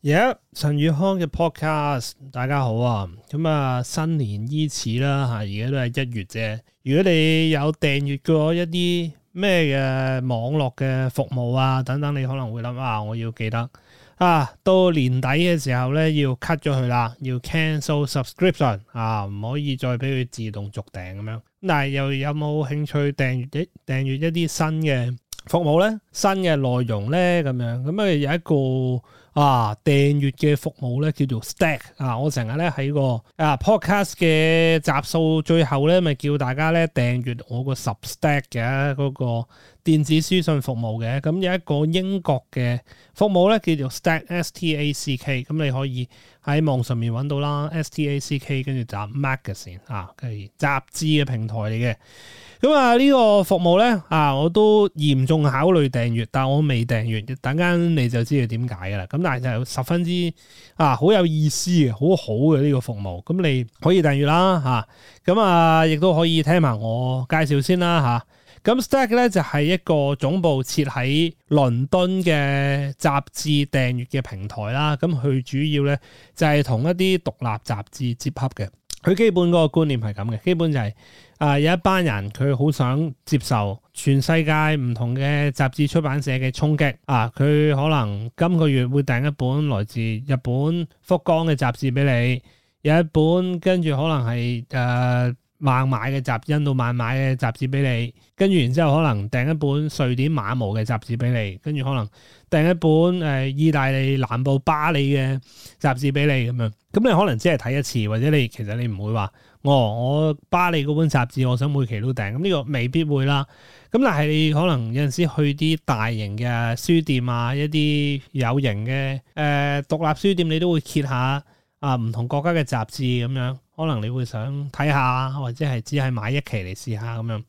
而陳宇康嘅 podcast，大家好啊！咁啊，新年伊始啦吓，而家都係一月啫。如果你有訂閱過一啲咩嘅網絡嘅服務啊等等，你可能會諗啊，我要記得啊，到年底嘅時候咧要 cut 咗佢啦，要 cancel subscription 啊，唔可以再俾佢自動續訂咁樣。但係又有冇興趣訂閱一訂閱一啲新嘅服務咧？新嘅內容咧咁樣，咁啊有一個。啊，訂月嘅服務咧，叫做 stack 啊，我成日咧喺個啊 podcast 嘅集數最後咧，咪叫大家咧訂月我個十 stack 嘅嗰、啊那個。電子書信服務嘅，咁有一個英國嘅服務咧，叫做 Stack S T A C K，咁你可以喺網上面揾到啦。S T A C K 跟住集 magazine 啊，跟住雜誌嘅平台嚟嘅。咁啊，呢、呢個服務咧啊，我都嚴重考慮訂閱，但係我未訂閱，等間你就知道點解噶啦。咁但係就係十分之啊，好有意思嘅，好好嘅呢個服務。咁你可以訂閱啦，嚇。咁啊，亦、啊、都可以聽埋我介紹先啦，嚇、啊。咁 Stack 咧就係一個總部設喺倫敦嘅雜誌訂閱嘅平台啦，咁佢主要咧就係同一啲獨立雜誌接洽嘅。佢基本嗰個觀念係咁嘅，基本就係啊、呃、有一班人佢好想接受全世界唔同嘅雜誌出版社嘅衝擊啊，佢可能今個月會訂一本來自日本福岡嘅雜誌俾你，有一本跟住可能係誒。呃孟買嘅雜,雜誌，到孟買嘅雜誌俾你，跟住然之後可能訂一本瑞典馬模嘅雜誌俾你，跟住可能訂一本誒、呃、意大利南部巴利嘅雜誌俾你咁樣。咁你可能只係睇一次，或者你其實你唔會話、哦，我我巴利嗰本雜誌我想每期都訂。咁、這、呢個未必會啦。咁但係你可能有陣時去啲大型嘅書店啊，一啲有型嘅誒獨立書店，你都會揭下。啊，唔同國家嘅雜誌咁樣，可能你會想睇下，或者係只係買一期嚟試下咁樣。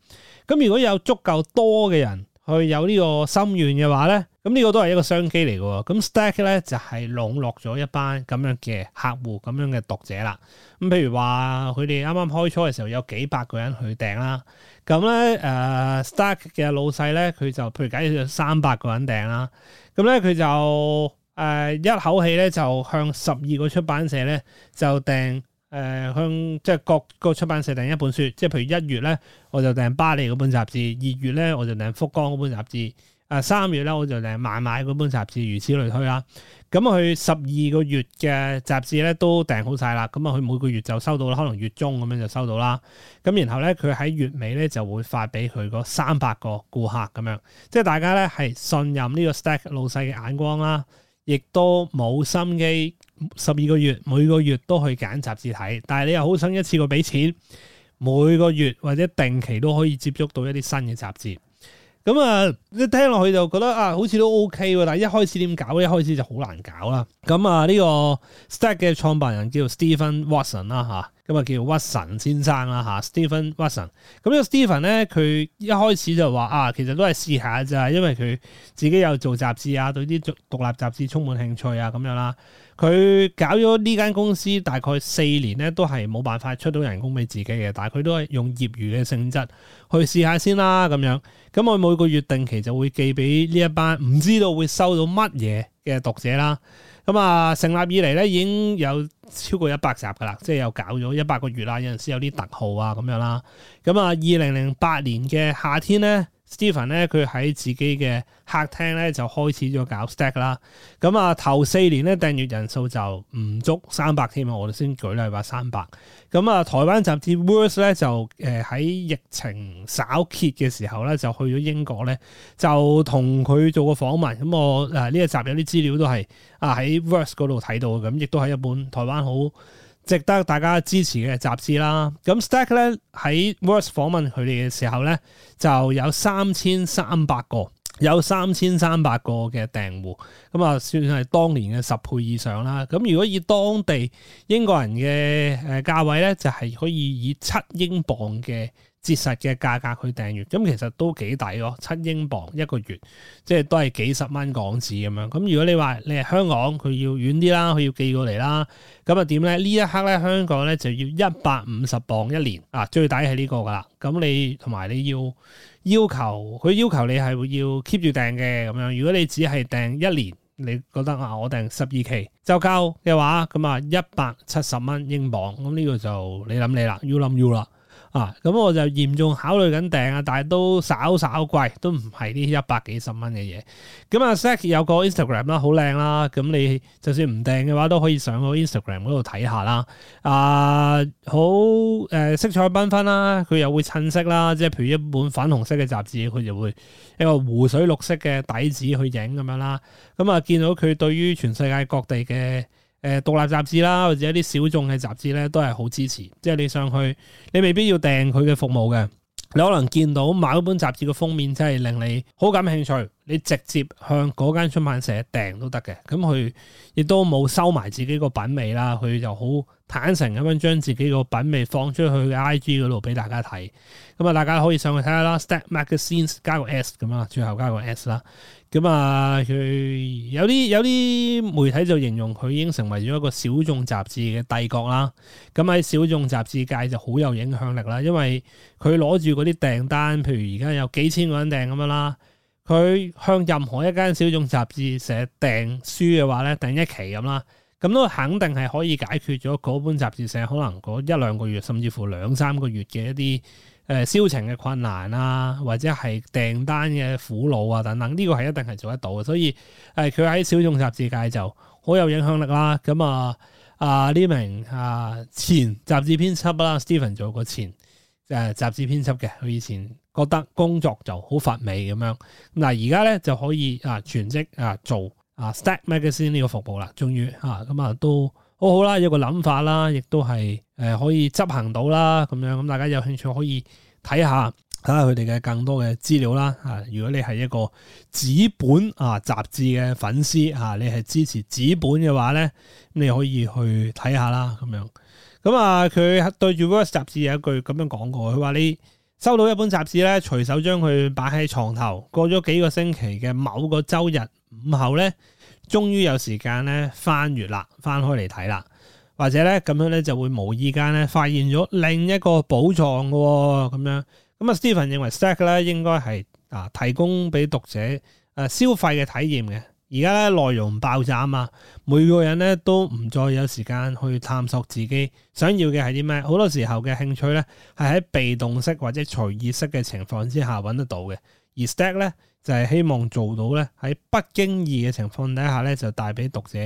咁如果有足夠多嘅人去有呢個心願嘅話咧，咁呢個都係一個商機嚟嘅。咁 Stack 咧就係籠絡咗一班咁樣嘅客戶，咁樣嘅讀者啦。咁譬如話佢哋啱啱開初嘅時候有幾百個人去訂啦，咁咧誒、呃、Stack 嘅老細咧佢就譬如假如有三百個人訂啦，咁咧佢就。誒、呃、一口氣咧，就向十二個出版社咧，就訂誒、呃、向即係各個出版社訂一本書，即係譬如一月咧，我就訂巴黎嗰本雜誌；二月咧，我就訂福岡嗰本雜誌；誒、呃、三月咧，我就訂孟買嗰本雜誌，如此類推啦。咁佢十二個月嘅雜誌咧都訂好晒啦。咁啊，佢每個月就收到啦，可能月中咁樣就收到啦。咁然後咧，佢喺月尾咧就會發俾佢嗰三百個顧客咁樣，即係大家咧係信任呢個 Stack 老細嘅眼光啦。亦都冇心機，十二個月每個月都去揀雜誌睇，但係你又好想一次過俾錢，每個月或者定期都可以接觸到一啲新嘅雜誌。咁啊，一聽落去就覺得啊，好似都 OK，但係一開始點搞，一開始就好難搞啦。咁啊，呢個 Stack 嘅創辦人叫 Stephen Watson 啦、啊、嚇。咁啊叫做 Watson 先生啦嚇，Stephen Watson。咁呢 Stephen 咧，佢一開始就話啊，其實都係試下咋，因為佢自己有做雜誌啊，對啲獨立雜誌充滿興趣啊，咁樣啦。佢搞咗呢間公司大概四年咧，都係冇辦法出到人工俾自己嘅，但係佢都係用業餘嘅性質去試下先啦，咁樣。咁我每個月定期就會寄俾呢一班，唔知道會收到乜嘢嘅讀者啦，咁、嗯、啊，成立以嚟咧已經有超過一百集噶啦，即係又搞咗一百個月啦，有陣時有啲特號啊咁樣啦，咁啊，二零零八年嘅夏天咧。Steven 咧，佢喺自己嘅客廳咧就開始咗搞 Stack 啦。咁、嗯、啊，頭四年咧訂閱人數就唔足三百添啊。我哋先舉例話三百。咁、嗯、啊，台灣雜誌 Worse 咧就誒喺、呃、疫情稍歇嘅時候咧，就去咗英國咧，就同佢做個訪問。咁、嗯、我誒呢、啊、一集有啲資料都係啊喺 Worse 嗰度睇到嘅，咁、嗯、亦都係一本台灣好，值得大家支持嘅雜誌啦，咁 Stack 咧喺 Verse 訪問佢哋嘅時候咧，就有三千三百個，有三千三百個嘅訂戶，咁啊算係當年嘅十倍以上啦。咁如果以當地英國人嘅誒價位咧，就係、是、可以以七英鎊嘅。節實嘅價格去訂閱，咁其實都幾抵咯，七英鎊一個月，即係都係幾十蚊港紙咁樣。咁如果你話你係香港，佢要遠啲啦，佢要寄過嚟啦，咁啊點咧？呢一刻咧香港咧就要一百五十鎊一年啊，最抵係呢個噶啦。咁你同埋你要要求佢要求你係要 keep 住訂嘅咁樣。如果你只係訂一年，你覺得啊我訂十二期就夠嘅話，咁啊一百七十蚊英鎊，咁呢個就你諗你啦，you 諗 you 啦。要啊，咁我就嚴重考慮緊訂啊，但係都稍稍貴，都唔係呢一百幾十蚊嘅嘢。咁啊，Stack 有個 Instagram 啦，好靚啦。咁你就算唔訂嘅話，都可以上個 Instagram 嗰度睇下啦。啊，好誒、呃，色彩繽紛啦，佢又會襯色啦，即係譬如一本粉紅色嘅雜誌，佢就會一個湖水綠色嘅底子去影咁樣啦。咁啊，見到佢對於全世界各地嘅～誒、呃、獨立雜誌啦，或者一啲小眾嘅雜誌咧，都係好支持。即係你上去，你未必要訂佢嘅服務嘅。你可能見到某一本雜誌嘅封面真係令你好感興趣，你直接向嗰間出版社訂都得嘅。咁佢亦都冇收埋自己個品味啦，佢就好坦誠咁樣將自己個品味放出去佢嘅 I G 嗰度俾大家睇。咁啊，大家可以上去睇下啦。Stack magazines 加個 S 咁啊，最後加個 S 啦。咁啊，佢有啲有啲媒體就形容佢已經成為咗一個小眾雜誌嘅帝國啦。咁喺小眾雜誌界就好有影響力啦，因為佢攞住嗰啲訂單，譬如而家有幾千個人訂咁樣啦。佢向任何一間小眾雜誌社訂書嘅話咧，訂一期咁啦，咁都肯定係可以解決咗嗰本雜誌社可能嗰一兩個月，甚至乎兩三個月嘅一啲。誒銷情嘅困難啦，或者係訂單嘅苦惱啊等等，呢、這個係一定係做得到嘅。所以誒，佢喺小眾雜誌界就好有影響力啦。咁啊啊呢名啊前雜誌編輯啦，Stephen 做過前誒、啊、雜誌編輯嘅，佢以前覺得工作就好乏味咁樣。嗱而家咧就可以啊全職啊做啊 Stack Magazine 呢個服務啦，終於啊咁啊都好好啦，有個諗法啦，亦都係。誒、呃、可以執行到啦，咁樣咁大家有興趣可以睇下睇下佢哋嘅更多嘅資料啦嚇、啊。如果你係一個紙本啊雜誌嘅粉絲嚇、啊，你係支持紙本嘅話咧，你可以去睇下啦咁樣。咁啊，佢對住《Work》雜誌有一句咁樣講過，佢話你收到一本雜誌咧，隨手將佢擺喺床頭，過咗幾個星期嘅某個周日午後咧，終於有時間咧翻閱啦，翻開嚟睇啦。或者咧，咁樣咧，就會無意間咧發現咗另一個寶藏嘅喎、哦，咁樣，咁啊 Stephen 認為 Stack 咧應該係啊提供俾讀者誒消費嘅體驗嘅。而家咧內容爆炸啊嘛，每個人咧都唔再有時間去探索自己想要嘅係啲咩，好多時候嘅興趣咧係喺被動式或者隨意式嘅情況之下搵得到嘅。而 Stack 咧就係、是，希望做到咧喺不經意嘅情況底下咧就帶俾讀者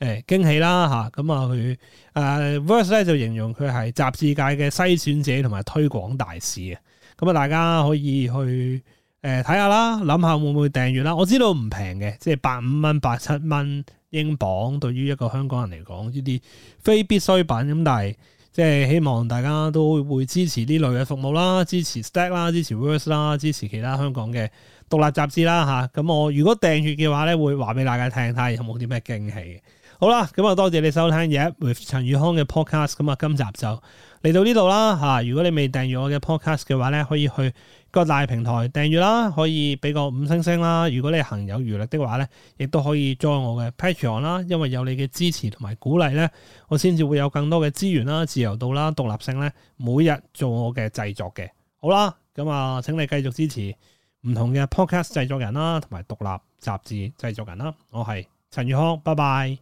誒驚喜啦嚇，咁啊佢誒 Verse 咧就形容佢係雜誌界嘅篩選者同埋推廣大使啊，咁啊大家可以去誒睇、呃、下啦，諗下會唔會訂閲啦。我知道唔平嘅，即係八五蚊、八七蚊英鎊，對於一個香港人嚟講呢啲非必需品咁，但係。即係希望大家都會支持呢類嘅服務啦，支持 Stack 啦，支持 Verse 啦，支持其他香港嘅獨立雜誌啦嚇。咁我如果訂閱嘅話咧，會話俾大家聽睇有冇啲咩驚喜。好啦，咁啊，多謝你收聽 Yap With 陳宇康嘅 podcast，咁啊，cast，今集就嚟到呢度啦吓、啊。如果你未訂閱我嘅 podcast 嘅話咧，可以去各大平台訂閱啦，可以俾個五星星啦。如果你行有餘力的話咧，亦都可以 join 我嘅 Patreon 啦，因為有你嘅支持同埋鼓勵咧，我先至會有更多嘅資源啦、自由度啦、獨立性咧，每日做我嘅製作嘅。好啦，咁、嗯、啊，請你繼續支持唔同嘅 podcast 製作人啦，同埋獨立雜誌製作人啦。我係陳宇康，拜拜。